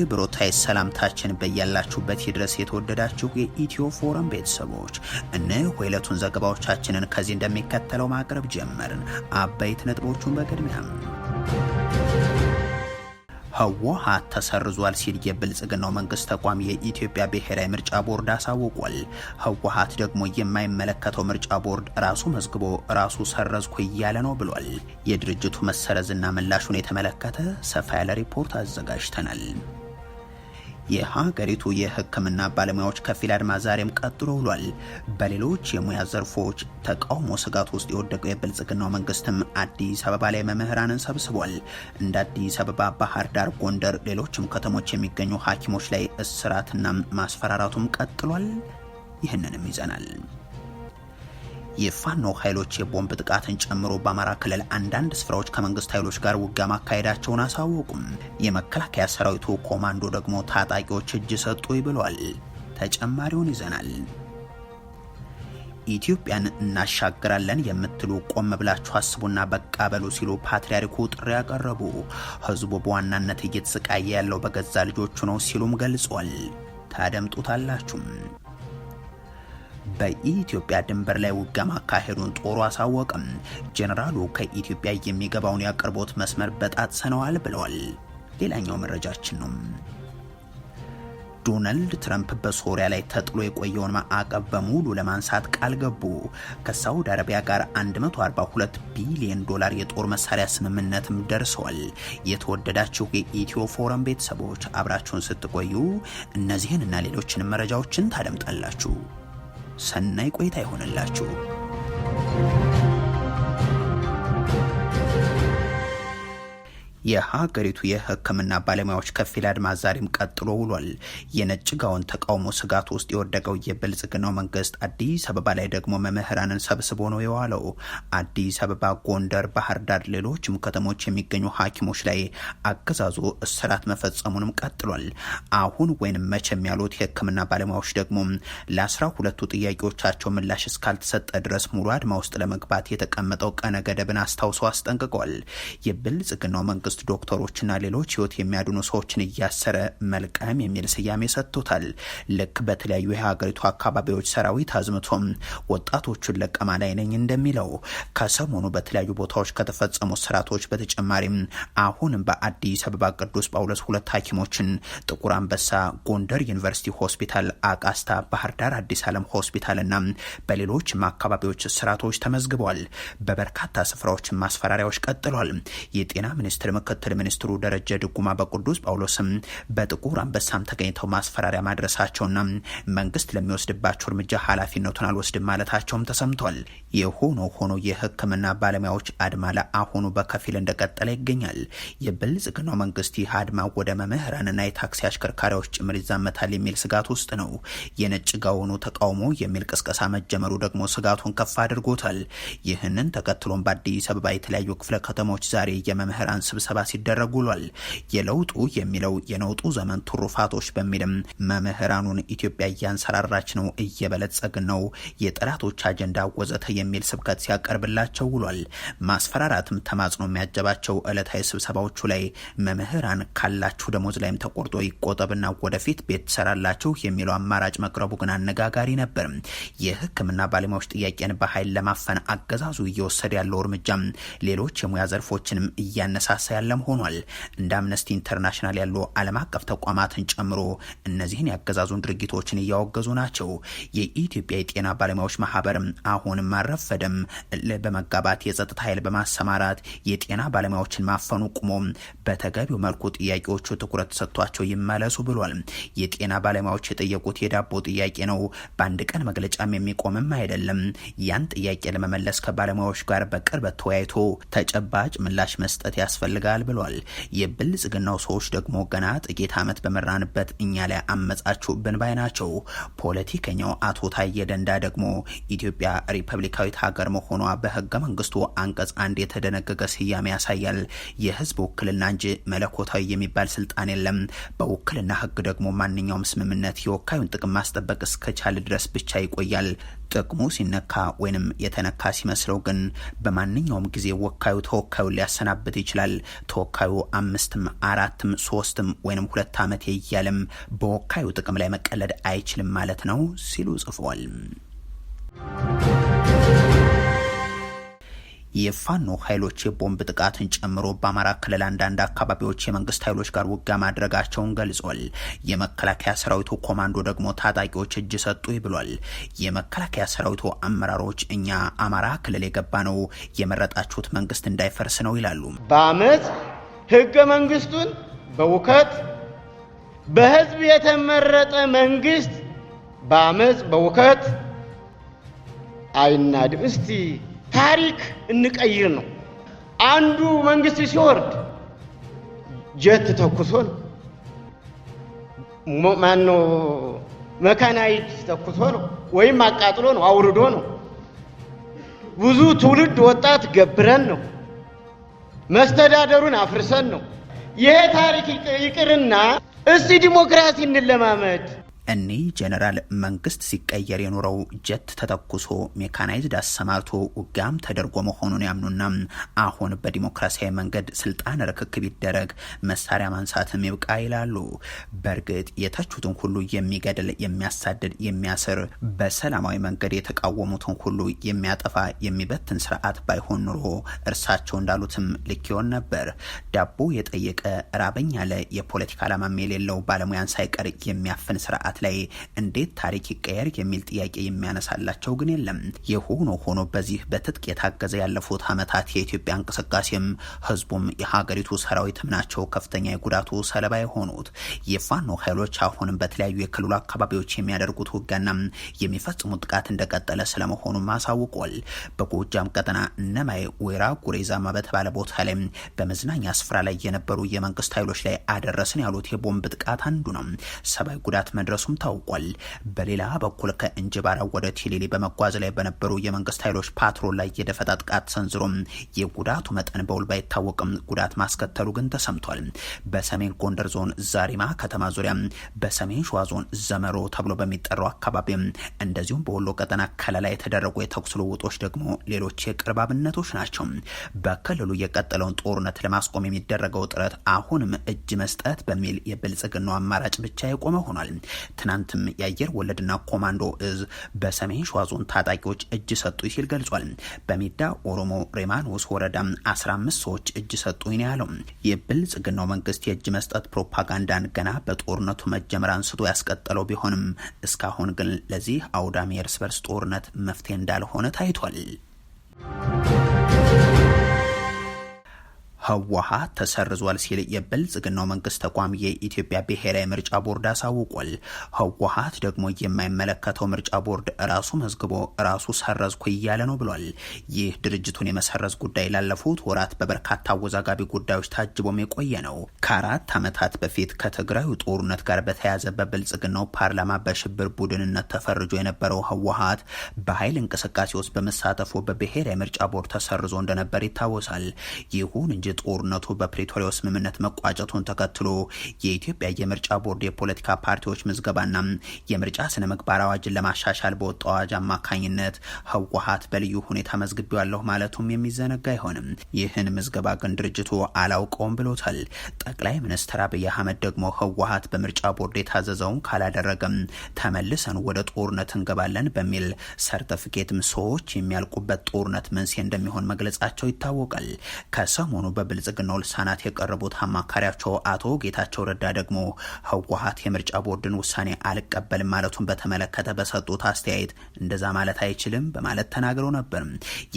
አክብሮታይ ሰላምታችን በያላችሁበት ይድረስ። የተወደዳችሁ የኢትዮ ፎረም ቤተሰቦች እነሆ የዕለቱን ዘገባዎቻችንን ከዚህ እንደሚከተለው ማቅረብ ጀመርን። አበይት ነጥቦቹን በቅድሚያ ህወሓት ተሰርዟል ሲል የብልጽግናው መንግስት ተቋም የኢትዮጵያ ብሔራዊ ምርጫ ቦርድ አሳውቋል። ህወሓት ደግሞ የማይመለከተው ምርጫ ቦርድ ራሱ መዝግቦ ራሱ ሰረዝኩ እያለ ነው ብሏል። የድርጅቱ መሰረዝና ምላሹን የተመለከተ ሰፋ ያለ ሪፖርት አዘጋጅተናል። የሀገሪቱ የሕክምና ባለሙያዎች ከፊል አድማ ዛሬም ቀጥሎ ውሏል። በሌሎች የሙያ ዘርፎች ተቃውሞ ስጋት ውስጥ የወደቀው የብልጽግናው መንግስትም አዲስ አበባ ላይ መምህራንን ሰብስቧል። እንደ አዲስ አበባ፣ ባህር ዳር፣ ጎንደር፣ ሌሎችም ከተሞች የሚገኙ ሐኪሞች ላይ እስራትና ማስፈራራቱም ቀጥሏል። ይህንንም ይዘናል። የፋኖ ኃይሎች የቦምብ ጥቃትን ጨምሮ በአማራ ክልል አንዳንድ ስፍራዎች ከመንግስት ኃይሎች ጋር ውጊያ ማካሄዳቸውን አሳወቁም። የመከላከያ ሰራዊቱ ኮማንዶ ደግሞ ታጣቂዎች እጅ ሰጡ ብሏል። ተጨማሪውን ይዘናል። ኢትዮጵያን እናሻግራለን የምትሉ ቆም ብላችሁ አስቡና በቃ በሉ ሲሉ ፓትርያርኩ ጥሪ ያቀረቡ። ህዝቡ በዋናነት እየተሰቃየ ያለው በገዛ ልጆቹ ነው ሲሉም ገልጿል። ታደምጡታላችሁም። በኢትዮጵያ ድንበር ላይ ውጊያ ማካሄዱን ጦሩ አሳወቅም። ጄኔራሉ ከኢትዮጵያ የሚገባውን የአቅርቦት መስመር በጣጥሰነዋል ብለዋል። ሌላኛው መረጃችን ነው። ዶናልድ ትራምፕ በሶሪያ ላይ ተጥሎ የቆየውን ማዕቀብ በሙሉ ለማንሳት ቃል ገቡ። ከሳውዲ አረቢያ ጋር 142 ቢሊዮን ዶላር የጦር መሳሪያ ስምምነትም ደርሰዋል። የተወደዳችሁ የኢትዮ ፎረም ቤተሰቦች አብራችሁን ስትቆዩ እነዚህን እና ሌሎችንም መረጃዎችን ታደምጣላችሁ። ሰናይ ቆይታ ይሆንላችሁ። የሀገሪቱ የሕክምና ባለሙያዎች ከፊል አድማ ዛሬም ቀጥሎ ውሏል። የነጭ ጋውን ተቃውሞ ስጋት ውስጥ የወደቀው የብልጽግናው መንግስት አዲስ አበባ ላይ ደግሞ መምህራንን ሰብስቦ ነው የዋለው። አዲስ አበባ፣ ጎንደር፣ ባህር ዳር፣ ሌሎችም ከተሞች የሚገኙ ሐኪሞች ላይ አገዛዙ እስራት መፈጸሙንም ቀጥሏል። አሁን ወይንም መቼም ያሉት የሕክምና ባለሙያዎች ደግሞ ለአስራ ሁለቱ ጥያቄዎቻቸው ምላሽ እስካልተሰጠ ድረስ ሙሉ አድማ ውስጥ ለመግባት የተቀመጠው ቀነ ገደብን አስታውሶ አስጠንቅቋል። የብልጽግናው መንግስት መንግስት ዶክተሮችና ሌሎች ህይወት የሚያድኑ ሰዎችን እያሰረ መልቀም የሚል ስያሜ ሰጥቶታል። ልክ በተለያዩ የሀገሪቱ አካባቢዎች ሰራዊት አዝምቶም ወጣቶቹን ለቀማ ላይ ነኝ እንደሚለው ከሰሞኑ በተለያዩ ቦታዎች ከተፈጸሙ ስርዓቶች በተጨማሪም አሁንም በአዲስ አበባ ቅዱስ ጳውሎስ ሁለት ሐኪሞችን ጥቁር አንበሳ ጎንደር ዩኒቨርሲቲ ሆስፒታል፣ አቃስታ፣ ባህር ዳር አዲስ ዓለም ሆስፒታልና በሌሎችም አካባቢዎች ስርዓቶች ተመዝግበዋል። በበርካታ ስፍራዎችን ማስፈራሪያዎች ቀጥሏል። የጤና ሚኒስትር ምክትል ሚኒስትሩ ደረጀ ድጉማ በቅዱስ ጳውሎስም በጥቁር አንበሳም ተገኝተው ማስፈራሪያ ማድረሳቸውና መንግስት ለሚወስድባቸው እርምጃ ኃላፊነቱን አልወስድም ማለታቸውም ተሰምቷል። የሆኖ ሆኖ የህክምና ባለሙያዎች አድማ ለአሁኑ በከፊል እንደቀጠለ ይገኛል። የብልጽግናው መንግስት ይህ አድማ ወደ መምህራንና የታክሲ አሽከርካሪዎች ጭምር ይዛመታል የሚል ስጋት ውስጥ ነው። የነጭ ጋውኑ ተቃውሞ የሚል ቅስቀሳ መጀመሩ ደግሞ ስጋቱን ከፍ አድርጎታል። ይህንን ተከትሎም በአዲስ አበባ የተለያዩ ክፍለ ከተሞች ዛሬ የመምህራን ስብሰ ስብሰባ ሲደረግ ውሏል። የለውጡ የሚለው የነውጡ ዘመን ትሩፋቶች በሚልም መምህራኑን ኢትዮጵያ እያንሰራራች ነው፣ እየበለጸግን ነው፣ የጠላቶች አጀንዳ ወዘተ የሚል ስብከት ሲያቀርብላቸው ውሏል። ማስፈራራትም ተማጽኖ የሚያጀባቸው ዕለታዊ ስብሰባዎቹ ላይ መምህራን ካላችሁ ደሞዝ ላይም ተቆርጦ ይቆጠብና ወደፊት ቤት ትሰራላችሁ የሚለው አማራጭ መቅረቡ ግን አነጋጋሪ ነበር። የሕክምና ባለሙያዎች ጥያቄን በኃይል ለማፈን አገዛዙ እየወሰደ ያለው እርምጃ ሌሎች የሙያ ዘርፎችንም እያነሳሳ እንዳለም ሆኗል። እንደ አምነስቲ ኢንተርናሽናል ያሉ ዓለም አቀፍ ተቋማትን ጨምሮ እነዚህን ያገዛዙን ድርጊቶችን እያወገዙ ናቸው። የኢትዮጵያ የጤና ባለሙያዎች ማህበርም አሁንም አልረፈደም። በመጋባት የጸጥታ ኃይል በማሰማራት የጤና ባለሙያዎችን ማፈኑ ቁሞ በተገቢው መልኩ ጥያቄዎቹ ትኩረት ሰጥቷቸው ይመለሱ ብሏል። የጤና ባለሙያዎች የጠየቁት የዳቦ ጥያቄ ነው። በአንድ ቀን መግለጫም የሚቆምም አይደለም። ያን ጥያቄ ለመመለስ ከባለሙያዎች ጋር በቅርበት ተወያይቶ ተጨባጭ ምላሽ መስጠት ያስፈልጋል ያደርጋል ብሏል። የብልጽግናው ሰዎች ደግሞ ገና ጥቂት ዓመት በመራንበት እኛ ላይ አመጻችሁብን ባይ ናቸው። ፖለቲከኛው አቶ ታዬ ደንዳ ደግሞ ኢትዮጵያ ሪፐብሊካዊት ሀገር መሆኗ በህገ መንግስቱ አንቀጽ አንድ የተደነገገ ስያሜ ያሳያል። የህዝብ ውክልና እንጂ መለኮታዊ የሚባል ስልጣን የለም። በውክልና ህግ ደግሞ ማንኛውም ስምምነት የወካዩን ጥቅም ማስጠበቅ እስከቻለ ድረስ ብቻ ይቆያል። ጥቅሙ ሲነካ ወይንም የተነካ ሲመስለው ግን በማንኛውም ጊዜ ወካዩ ተወካዩን ሊያሰናብት ይችላል። ተወካዩ አምስትም አራትም ሶስትም ወይንም ሁለት ዓመት እያለም በወካዩ ጥቅም ላይ መቀለድ አይችልም ማለት ነው ሲሉ ጽፏል። የፋኖ ኃይሎች የቦምብ ጥቃትን ጨምሮ በአማራ ክልል አንዳንድ አካባቢዎች የመንግስት ኃይሎች ጋር ውጊያ ማድረጋቸውን ገልጿል። የመከላከያ ሰራዊቱ ኮማንዶ ደግሞ ታጣቂዎች እጅ ሰጡ ብሏል። የመከላከያ ሰራዊቱ አመራሮች እኛ አማራ ክልል የገባ ነው የመረጣችሁት መንግስት እንዳይፈርስ ነው ይላሉ። በአመት ህገ መንግስቱን በውከት በህዝብ የተመረጠ መንግስት በአመፅ በውከት አይናድም። እስቲ ታሪክ እንቀይር ነው። አንዱ መንግስት ሲወርድ ጀት ተኩሶን ነው መካናይት ተኩሶ ነው ወይም አቃጥሎ ነው አውርዶ ነው። ብዙ ትውልድ ወጣት ገብረን ነው መስተዳደሩን አፍርሰን ነው። ይሄ ታሪክ ይቅርና እስቲ ዲሞክራሲ እንለማመድ። እኒህ ጄኔራል መንግስት ሲቀየር የኖረው ጀት ተተኩሶ ሜካናይዝድ አሰማርቶ ውጋም ተደርጎ መሆኑን ያምኑና አሁን በዲሞክራሲያዊ መንገድ ስልጣን ርክክብ ይደረግ መሳሪያ ማንሳትም ይብቃ ይላሉ። በእርግጥ የተቹትን ሁሉ የሚገድል የሚያሳድድ፣ የሚያስር በሰላማዊ መንገድ የተቃወሙትን ሁሉ የሚያጠፋ የሚበትን ስርዓት ባይሆን ኑሮ እርሳቸው እንዳሉትም ልክ ይሆን ነበር። ዳቦ የጠየቀ ራበኝ ያለ የፖለቲካ ዓላማም የሌለው ባለሙያን ሳይቀር የሚያፍን ስርዓት ላይ እንዴት ታሪክ ይቀየር የሚል ጥያቄ የሚያነሳላቸው ግን የለም። የሆኖ ሆኖ በዚህ በትጥቅ የታገዘ ያለፉት ዓመታት የኢትዮጵያ እንቅስቃሴም ህዝቡም የሀገሪቱ ሰራዊትም ናቸው ከፍተኛ የጉዳቱ ሰለባ የሆኑት። የፋኖ ኃይሎች አሁንም በተለያዩ የክልሉ አካባቢዎች የሚያደርጉት ውጊያና የሚፈጽሙት ጥቃት እንደቀጠለ ስለመሆኑ አሳውቋል። በጎጃም ቀጠና እነማይ ወይራ ጉሬዛማ በተባለ ቦታ ላይ በመዝናኛ ስፍራ ላይ የነበሩ የመንግስት ኃይሎች ላይ አደረስን ያሉት የቦምብ ጥቃት አንዱ ነው። ሰብአዊ ጉዳት መድረሱ መደረሱም ታውቋል። በሌላ በኩል ከእንጅባራ ወደ ቲሊሊ በመጓዝ ላይ በነበሩ የመንግስት ኃይሎች ፓትሮል ላይ የደፈጣ ጥቃት ሰንዝሮም የጉዳቱ መጠን በውል ባይታወቅም ጉዳት ማስከተሉ ግን ተሰምቷል። በሰሜን ጎንደር ዞን ዛሪማ ከተማ ዙሪያ፣ በሰሜን ሸዋ ዞን ዘመሮ ተብሎ በሚጠራው አካባቢ እንደዚሁም በወሎ ቀጠና ከለላ የተደረጉ የተኩስ ልውጦች ደግሞ ሌሎች የቅርብ አብነቶች ናቸው። በክልሉ የቀጠለውን ጦርነት ለማስቆም የሚደረገው ጥረት አሁንም እጅ መስጠት በሚል የብልጽግናው አማራጭ ብቻ የቆመ ሆኗል። ትናንትም የአየር ወለድና ኮማንዶ እዝ በሰሜን ሸዋ ዞን ታጣቂዎች እጅ ሰጡ ሲል ገልጿል። በሜዳ ኦሮሞ ሬማኖስ ወረዳ 15 ሰዎች እጅ ሰጡ ነው ያለው። የብልጽግናው መንግስት የእጅ መስጠት ፕሮፓጋንዳን ገና በጦርነቱ መጀመር አንስቶ ያስቀጠለው ቢሆንም እስካሁን ግን ለዚህ አውዳሚ የእርስ በርስ ጦርነት መፍትሄ እንዳልሆነ ታይቷል። ህወሓት ተሰርዟል ሲል የብልጽግናው መንግስት ተቋም የኢትዮጵያ ብሔራዊ ምርጫ ቦርድ አሳውቋል። ህወሓት ደግሞ የማይመለከተው ምርጫ ቦርድ ራሱ መዝግቦ ራሱ ሰረዝኩ እያለ ነው ብሏል። ይህ ድርጅቱን የመሰረዝ ጉዳይ ላለፉት ወራት በበርካታ አወዛጋቢ ጉዳዮች ታጅቦም የቆየ ነው። ከአራት ዓመታት በፊት ከትግራዩ ጦርነት ጋር በተያያዘ በብልጽግናው ፓርላማ በሽብር ቡድንነት ተፈርጆ የነበረው ህወሓት በኃይል እንቅስቃሴ ውስጥ በመሳተፉ በብሔራዊ ምርጫ ቦርድ ተሰርዞ እንደነበር ይታወሳል። ይሁን እንጂ ጦርነቱ በፕሪቶሪያው ስምምነት መቋጨቱን ተከትሎ የኢትዮጵያ የምርጫ ቦርድ የፖለቲካ ፓርቲዎች ምዝገባና የምርጫ ስነ ምግባር አዋጅን ለማሻሻል በወጣው አዋጅ አማካኝነት ህወሀት በልዩ ሁኔታ መዝግቤዋለሁ ማለቱም የሚዘነጋ አይሆንም። ይህን ምዝገባ ግን ድርጅቱ አላውቀውም ብሎታል። ጠቅላይ ሚኒስትር አብይ አህመድ ደግሞ ህወሀት በምርጫ ቦርድ የታዘዘውን ካላደረገም ተመልሰን ወደ ጦርነት እንገባለን በሚል ሰርተፍኬትም ሰዎች የሚያልቁበት ጦርነት መንስኤ እንደሚሆን መግለጻቸው ይታወቃል። ከሰሞኑ በብልጽግናው ልሳናት የቀረቡት አማካሪያቸው አቶ ጌታቸው ረዳ ደግሞ ህወሀት የምርጫ ቦርድን ውሳኔ አልቀበልም ማለቱን በተመለከተ በሰጡት አስተያየት እንደዛ ማለት አይችልም በማለት ተናግረው ነበር።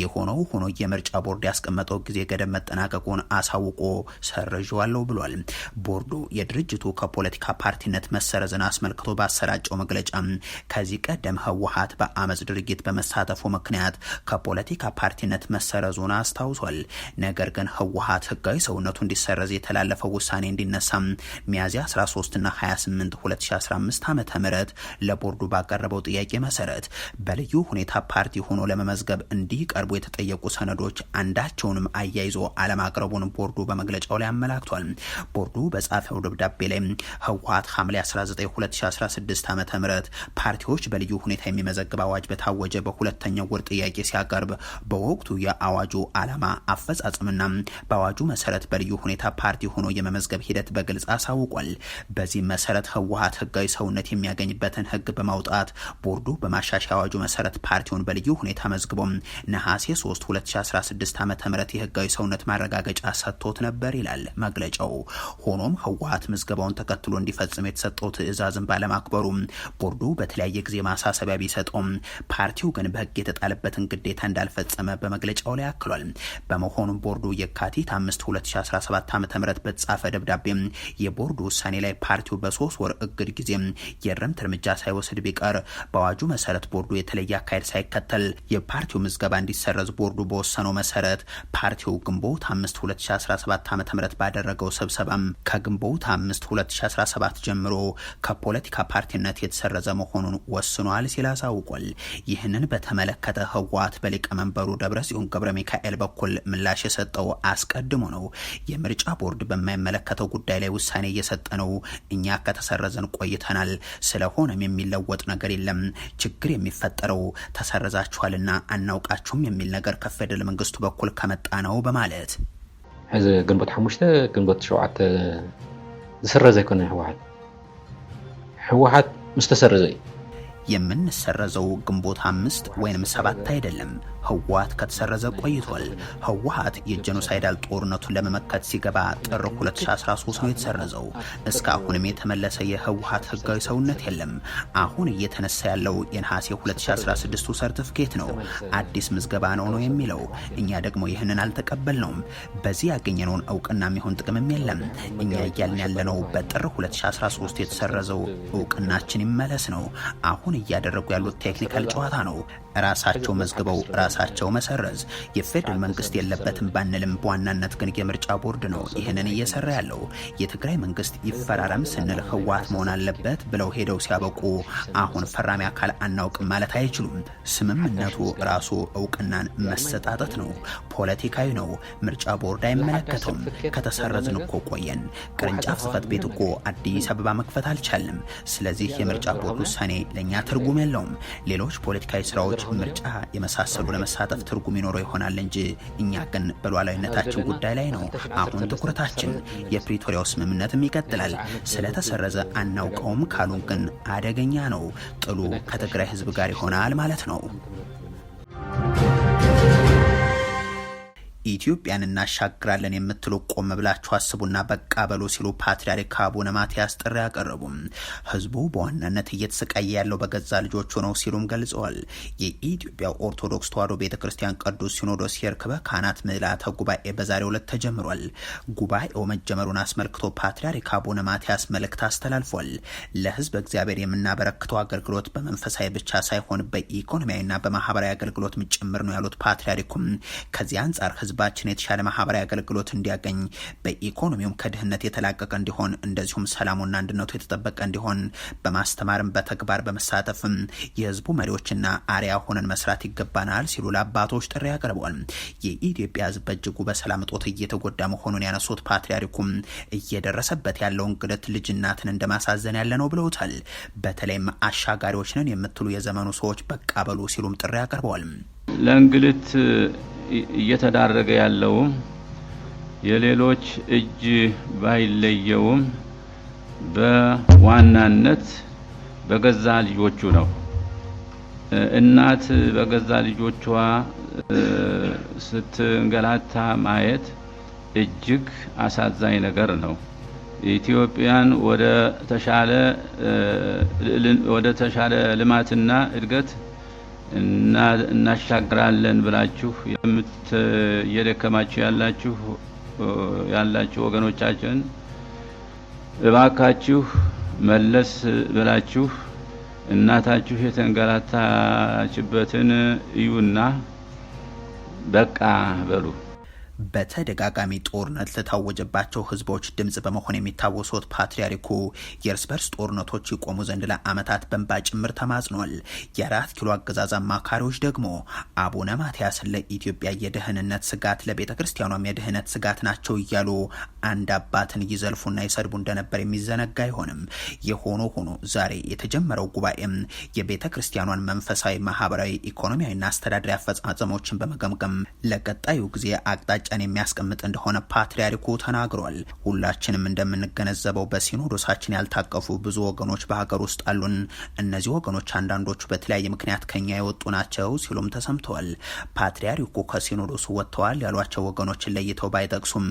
የሆነው ሆኖ የምርጫ ቦርድ ያስቀመጠው ጊዜ ገደብ መጠናቀቁን አሳውቆ ሰርዣለሁ ብሏል። ቦርዱ የድርጅቱ ከፖለቲካ ፓርቲነት መሰረዝን አስመልክቶ ባሰራጨው መግለጫ ከዚህ ቀደም ህወሀት በአመፅ ድርጊት በመሳተፉ ምክንያት ከፖለቲካ ፓርቲነት መሰረዙን አስታውሷል። ነገር ግን ህወሀት ህወሀት ህጋዊ ሰውነቱ እንዲሰረዝ የተላለፈው ውሳኔ እንዲነሳ ሚያዝያ 13ና 28 2015 ዓ ም ለቦርዱ ባቀረበው ጥያቄ መሰረት በልዩ ሁኔታ ፓርቲ ሆኖ ለመመዝገብ እንዲቀርቡ የተጠየቁ ሰነዶች አንዳቸውንም አያይዞ አለማቅረቡን ቦርዱ በመግለጫው ላይ አመላክቷል። ቦርዱ በጻፈው ደብዳቤ ላይ ህወሀት ሐምሌ 19 2016 ዓ ም ፓርቲዎች በልዩ ሁኔታ የሚመዘግብ አዋጅ በታወጀ በሁለተኛው ወር ጥያቄ ሲያቀርብ በወቅቱ የአዋጁ ዓላማ በ አዋጁ መሰረት በልዩ ሁኔታ ፓርቲ ሆኖ የመመዝገብ ሂደት በግልጽ አሳውቋል። በዚህም መሰረት ህወሀት ህጋዊ ሰውነት የሚያገኝበትን ህግ በማውጣት ቦርዱ በማሻሻያ አዋጁ መሰረት ፓርቲውን በልዩ ሁኔታ መዝግቦም ነሐሴ 3 2016 ዓ ም የህጋዊ ሰውነት ማረጋገጫ ሰጥቶት ነበር ይላል መግለጫው። ሆኖም ህወሀት ምዝገባውን ተከትሎ እንዲፈጽም የተሰጠው ትእዛዝን ባለማክበሩ ቦርዱ በተለያየ ጊዜ ማሳሰቢያ ቢሰጠውም ፓርቲው ግን በህግ የተጣለበትን ግዴታ እንዳልፈጸመ በመግለጫው ላይ አክሏል። በመሆኑም ቦርዱ የካቲት 5 2017 ዓ ም በተጻፈ ደብዳቤ የቦርዱ ውሳኔ ላይ ፓርቲው በሶስት ወር እግድ ጊዜ የእርምት እርምጃ ሳይወስድ ቢቀር በአዋጁ መሰረት ቦርዱ የተለየ አካሄድ ሳይከተል የፓርቲው ምዝገባ እንዲሰረዝ ቦርዱ በወሰነው መሰረት ፓርቲው ግንቦት 5 2017 ዓ ም ባደረገው ስብሰባም ከግንቦት 5 2017 ጀምሮ ከፖለቲካ ፓርቲነት የተሰረዘ መሆኑን ወስኗል ሲል አሳውቋል። ይህንን በተመለከተ ህወሓት በሊቀመንበሩ ደብረጽዮን ገብረ ሚካኤል በኩል ምላሽ የሰጠው አስቀ አስቀድሞ ነው የምርጫ ቦርድ በማይመለከተው ጉዳይ ላይ ውሳኔ እየሰጠ ነው። እኛ ከተሰረዘን ቆይተናል። ስለሆነም የሚለወጥ ነገር የለም። ችግር የሚፈጠረው ተሰረዛችኋልና አናውቃችሁም የሚል ነገር ከፌደራል መንግስቱ በኩል ከመጣ ነው በማለት ሕዚ ግንቦት ሓሙሽተ ግንቦት ሸውዓተ ዝሰረዘ ይኮነ ህወሓት ህወሓት ምስ ተሰረዘ እዩ የምንሰረዘው ግንቦት አምስት ወይም ሰባት አይደለም። ህወሀት ከተሰረዘ ቆይቷል። ህወሀት የጀኖሳይዳል ጦርነቱን ለመመከት ሲገባ ጥር 2013 ነው የተሰረዘው። እስካሁንም የተመለሰ የህወሀት ህጋዊ ሰውነት የለም። አሁን እየተነሳ ያለው የነሐሴ 2016ቱ ሰርቲፊኬት ነው። አዲስ ምዝገባ ነው ነው የሚለው። እኛ ደግሞ ይህንን አልተቀበልነውም። በዚህ ያገኘነውን እውቅና የሚሆን ጥቅምም የለም። እኛ እያልን ያለነው በጥር 2013 የተሰረዘው እውቅናችን ይመለስ ነው። አሁን አሁን እያደረጉ ያሉት ቴክኒካል ጨዋታ ነው። ራሳቸው መዝግበው ራሳቸው መሰረዝ የፌደራል መንግስት የለበትም ባንልም፣ በዋናነት ግን የምርጫ ቦርድ ነው ይህንን እየሰራ ያለው። የትግራይ መንግስት ይፈራረም ስንል ህወሓት መሆን አለበት ብለው ሄደው ሲያበቁ አሁን ፈራሚ አካል አናውቅም ማለት አይችሉም። ስምምነቱ ራሱ እውቅናን መሰጣጠት ነው፣ ፖለቲካዊ ነው። ምርጫ ቦርድ አይመለከተውም። ከተሰረዝን እኮ ቆየን። ቅርንጫፍ ጽህፈት ቤት እኮ አዲስ አበባ መክፈት አልቻልም። ስለዚህ የምርጫ ቦርድ ውሳኔ ለእኛ ትርጉም የለውም። ሌሎች ፖለቲካዊ ስራዎች ሀገራችን ምርጫ የመሳሰሉ ለመሳተፍ ትርጉም ይኖረው ይሆናል እንጂ እኛ ግን በሉዓላዊነታችን ጉዳይ ላይ ነው አሁን ትኩረታችን። የፕሪቶሪያው ስምምነትም ይቀጥላል። ስለተሰረዘ አናውቀውም ካሉን ግን አደገኛ ነው። ጥሉ ከትግራይ ህዝብ ጋር ይሆናል ማለት ነው። ኢትዮጵያን እናሻግራለን የምትሉ ቆም ብላችሁ አስቡና በቃ በሉ ሲሉ ፓትርያርክ አቡነ ማትያስ ጥሪ አቀረቡም። ህዝቡ በዋናነት እየተሰቃየ ያለው በገዛ ልጆቹ ነው ሲሉም ገልጸዋል። የኢትዮጵያ ኦርቶዶክስ ተዋሕዶ ቤተ ክርስቲያን ቅዱስ ሲኖዶስ የርክበ ካህናት ምልዓተ ጉባኤ በዛሬው ዕለት ተጀምሯል። ጉባኤው መጀመሩን አስመልክቶ ፓትርያርክ አቡነ ማትያስ መልእክት አስተላልፏል። ለህዝብ እግዚአብሔር የምናበረክተው አገልግሎት በመንፈሳዊ ብቻ ሳይሆን በኢኮኖሚያዊና በማህበራዊ አገልግሎት ምጭምር ነው ያሉት ፓትርያርኩም ከዚህ አንጻር ህዝባችን የተሻለ ማህበራዊ አገልግሎት እንዲያገኝ፣ በኢኮኖሚውም ከድህነት የተላቀቀ እንዲሆን፣ እንደዚሁም ሰላሙና አንድነቱ የተጠበቀ እንዲሆን በማስተማርም በተግባር በመሳተፍም የህዝቡ መሪዎችና አርያ ሆነን መስራት ይገባናል ሲሉ ለአባቶች ጥሪ አቅርበዋል። የኢትዮጵያ ህዝብ በእጅጉ በሰላም እጦት እየተጎዳ መሆኑን ያነሱት ፓትርያርኩም እየደረሰበት ያለውን እንግልት ልጅናትን እንደማሳዘን ያለ ነው ብለውታል። በተለይም አሻጋሪዎች ነን የምትሉ የዘመኑ ሰዎች በቃ በሉ ሲሉም ጥሪ አቅርበዋል። ለእንግልት እየተዳረገ ያለውም የሌሎች እጅ ባይለየውም በዋናነት በገዛ ልጆቹ ነው። እናት በገዛ ልጆቿ ስትንገላታ ማየት እጅግ አሳዛኝ ነገር ነው። ኢትዮጵያን ወደ ተሻለ ልማትና እድገት እናሻግራለን ብላችሁ እየደከማችሁ ያላችሁ ያላችሁ ወገኖቻችን እባካችሁ መለስ ብላችሁ እናታችሁ የተንገላታችበትን እዩና በቃ በሉ። በተደጋጋሚ ጦርነት ለታወጀባቸው ህዝቦች ድምጽ በመሆን የሚታወሱት ፓትርያርኩ የእርስ በርስ ጦርነቶች ይቆሙ ዘንድ ለአመታት በንባ ጭምር ተማጽኗል። የአራት ኪሎ አገዛዝ አማካሪዎች ደግሞ አቡነ ማትያስን ለኢትዮጵያ የደህንነት ስጋት፣ ለቤተ ክርስቲያኗም የደህንነት ስጋት ናቸው እያሉ አንድ አባትን ይዘልፉና ይሰድቡ እንደነበር የሚዘነጋ አይሆንም። የሆኖ ሆኖ ዛሬ የተጀመረው ጉባኤም የቤተ ክርስቲያኗን መንፈሳዊ፣ ማህበራዊ፣ ኢኮኖሚያዊና አስተዳደራዊ አፈጻጸሞችን በመገምገም ለቀጣዩ ጊዜ አቅጣጫ ቀን የሚያስቀምጥ እንደሆነ ፓትርያርኩ ተናግሯል። ሁላችንም እንደምንገነዘበው በሲኖዶሳችን ያልታቀፉ ብዙ ወገኖች በሀገር ውስጥ አሉን። እነዚህ ወገኖች አንዳንዶቹ በተለያየ ምክንያት ከኛ የወጡ ናቸው ሲሉም ተሰምተዋል። ፓትርያርኩ ከሲኖዶሱ ወጥተዋል ያሏቸው ወገኖችን ለይተው ባይጠቅሱም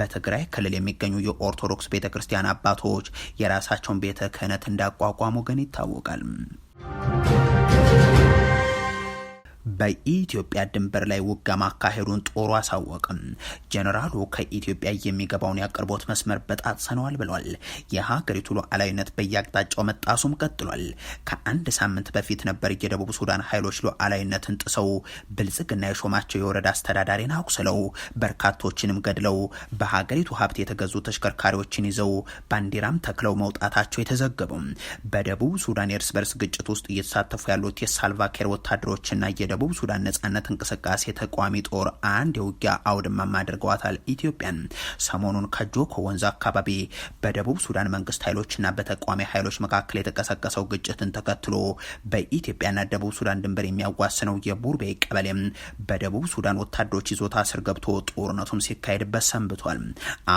በትግራይ ክልል የሚገኙ የኦርቶዶክስ ቤተ ክርስቲያን አባቶች የራሳቸውን ቤተ ክህነት እንዳቋቋሙ ግን ይታወቃል። በኢትዮጵያ ድንበር ላይ ውጋ ማካሄዱን ጦሩ አሳወቅም። ጀኔራሉ ከኢትዮጵያ የሚገባውን የአቅርቦት መስመር በጣጥሰነዋል ብለል። የሀገሪቱ ሉዓላዊነት በየአቅጣጫው መጣሱም ቀጥሏል። ከአንድ ሳምንት በፊት ነበር የደቡብ ሱዳን ኃይሎች ሉዓላዊነትን ጥሰው ብልጽግና የሾማቸው የወረዳ አስተዳዳሪን አቁስለው በርካቶችንም ገድለው በሀገሪቱ ሀብት የተገዙ ተሽከርካሪዎችን ይዘው ባንዲራም ተክለው መውጣታቸው የተዘገበው በደቡብ ሱዳን የእርስ በርስ ግጭት ውስጥ እየተሳተፉ ያሉት የሳልቫኬር ወታደሮችና የደቡብ ሱዳን ነጻነት እንቅስቃሴ ተቋሚ ጦር አንድ የውጊያ አውድማም አድርገዋታል ኢትዮጵያን። ሰሞኑን ከጆኮ ወንዝ አካባቢ በደቡብ ሱዳን መንግስት ኃይሎችና በተቋሚ ኃይሎች መካከል የተቀሰቀሰው ግጭትን ተከትሎ በኢትዮጵያና ደቡብ ሱዳን ድንበር የሚያዋስነው የቡርቤ ቀበሌም በደቡብ ሱዳን ወታደሮች ይዞታ ስር ገብቶ ጦርነቱም ሲካሄድበት ሰንብቷል።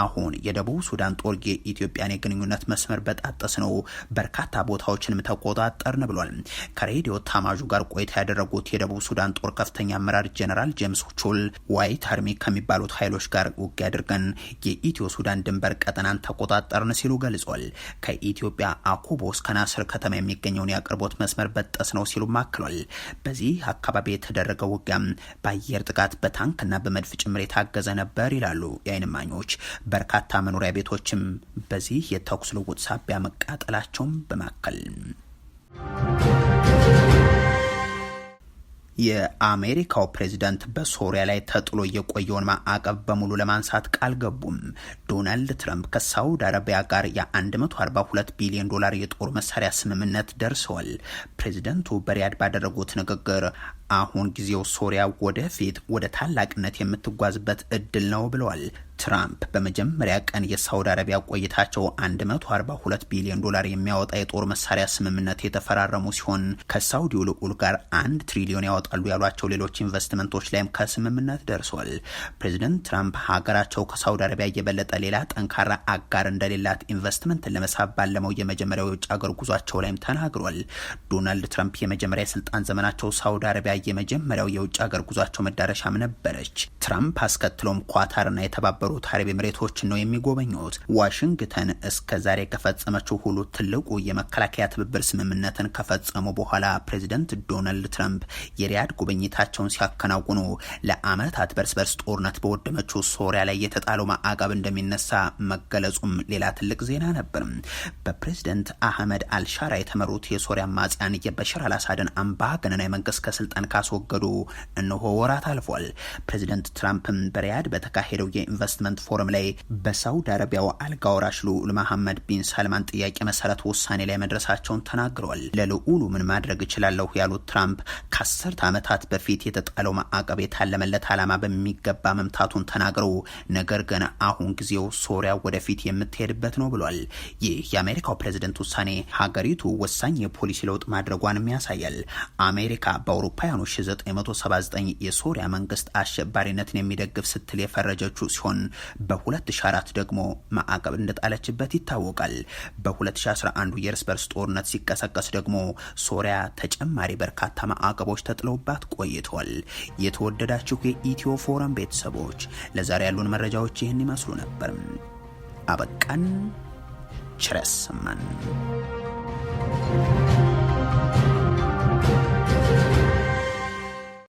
አሁን የደቡብ ሱዳን ጦር የኢትዮጵያን የግንኙነት መስመር በጣጠስ ነው፣ በርካታ ቦታዎችንም ተቆጣጠርን ብሏል። ከሬዲዮ ታማዡ ጋር ቆይታ ያደረጉት የደቡብ የሱዳን ጦር ከፍተኛ አመራር ጀነራል ጄምስ ቹል ዋይት አርሚ ከሚባሉት ኃይሎች ጋር ውጊያ አድርገን የኢትዮ ሱዳን ድንበር ቀጠናን ተቆጣጠርን ሲሉ ገልጿል። ከኢትዮጵያ አኩቦ እስከ ናስር ከተማ የሚገኘውን የአቅርቦት መስመር በጠስ ነው ሲሉ ማክሏል። በዚህ አካባቢ የተደረገው ውጊያም በአየር ጥቃት በታንክና በመድፍ ጭምር የታገዘ ነበር ይላሉ የአይን እማኞች። በርካታ መኖሪያ ቤቶችም በዚህ የተኩስ ልውውጥ ሳቢያ መቃጠላቸውም በማከል የአሜሪካው ፕሬዚዳንት በሶሪያ ላይ ተጥሎ የቆየውን ማዕቀብ በሙሉ ለማንሳት ቃል ገቡም። ዶናልድ ትራምፕ ከሳውዲ አረቢያ ጋር የ142 ቢሊዮን ዶላር የጦር መሳሪያ ስምምነት ደርሰዋል። ፕሬዚደንቱ በሪያድ ባደረጉት ንግግር አሁን ጊዜው ሶሪያ ወደፊት ወደ ታላቅነት የምትጓዝበት እድል ነው ብለዋል። ትራምፕ በመጀመሪያ ቀን የሳውዲ አረቢያ ቆይታቸው 142 ቢሊዮን ዶላር የሚያወጣ የጦር መሳሪያ ስምምነት የተፈራረሙ ሲሆን ከሳውዲው ልዑል ጋር አንድ ትሪሊዮን ያወጣሉ ያሏቸው ሌሎች ኢንቨስትመንቶች ላይም ከስምምነት ደርሷል። ፕሬዚደንት ትራምፕ ሀገራቸው ከሳውዲ አረቢያ የበለጠ ሌላ ጠንካራ አጋር እንደሌላት ኢንቨስትመንትን ለመሳብ ባለመው የመጀመሪያው የውጭ አገር ጉዟቸው ላይም ተናግሯል። ዶናልድ ትራምፕ የመጀመሪያ የስልጣን ዘመናቸው ሳውዲ አረቢያ ላይ የመጀመሪያው የውጭ ሀገር ጉዟቸው መዳረሻም ነበረች። ትራምፕ አስከትሎም ኳታርና የተባበሩት አረብ ኤምሬቶችን ነው የሚጎበኙት። ዋሽንግተን እስከ ዛሬ ከፈጸመችው ሁሉ ትልቁ የመከላከያ ትብብር ስምምነትን ከፈጸሙ በኋላ ፕሬዚደንት ዶናልድ ትራምፕ የሪያድ ጉብኝታቸውን ሲያከናውኑ ለአመታት በርስ በርስ ጦርነት በወደመችው ሶሪያ ላይ የተጣለው ማዕቀብ እንደሚነሳ መገለጹም ሌላ ትልቅ ዜና ነበር። በፕሬዚደንት አህመድ አልሻራ የተመሩት የሶሪያ አማጽያን የበሽር አልአሳድን አምባገነናዊ መንግስት ከስልጣን ካስወገዱ እነሆ ወራት አልፏል። ፕሬዚደንት ትራምፕም በሪያድ በተካሄደው የኢንቨስትመንት ፎረም ላይ በሳውዲ አረቢያው አልጋ ወራሽ ልዑል መሐመድ ቢን ሳልማን ጥያቄ መሰረት ውሳኔ ላይ መድረሳቸውን ተናግረዋል። ለልዑሉ ምን ማድረግ እችላለሁ ያሉት ትራምፕ ከአስርት ዓመታት በፊት የተጣለው ማዕቀብ የታለመለት ዓላማ በሚገባ መምታቱን ተናግረው ነገር ግን አሁን ጊዜው ሶሪያ ወደፊት የምትሄድበት ነው ብሏል። ይህ የአሜሪካው ፕሬዝደንት ውሳኔ ሀገሪቱ ወሳኝ የፖሊሲ ለውጥ ማድረጓንም ያሳያል። አሜሪካ በአውሮፓ በአውሮፓውያኑ 1979 የሶሪያ መንግስት አሸባሪነትን የሚደግፍ ስትል የፈረጀችው ሲሆን በ2004 ደግሞ ማዕቀብ እንደጣለችበት ይታወቃል። በ2011 የእርስ በርስ ጦርነት ሲቀሰቀስ ደግሞ ሶሪያ ተጨማሪ በርካታ ማዕቀቦች ተጥለውባት ቆይተዋል። የተወደዳችሁ የኢትዮ ፎረም ቤተሰቦች ለዛሬ ያሉን መረጃዎች ይህን ይመስሉ ነበር። አበቃን። ቸር ያሰማን።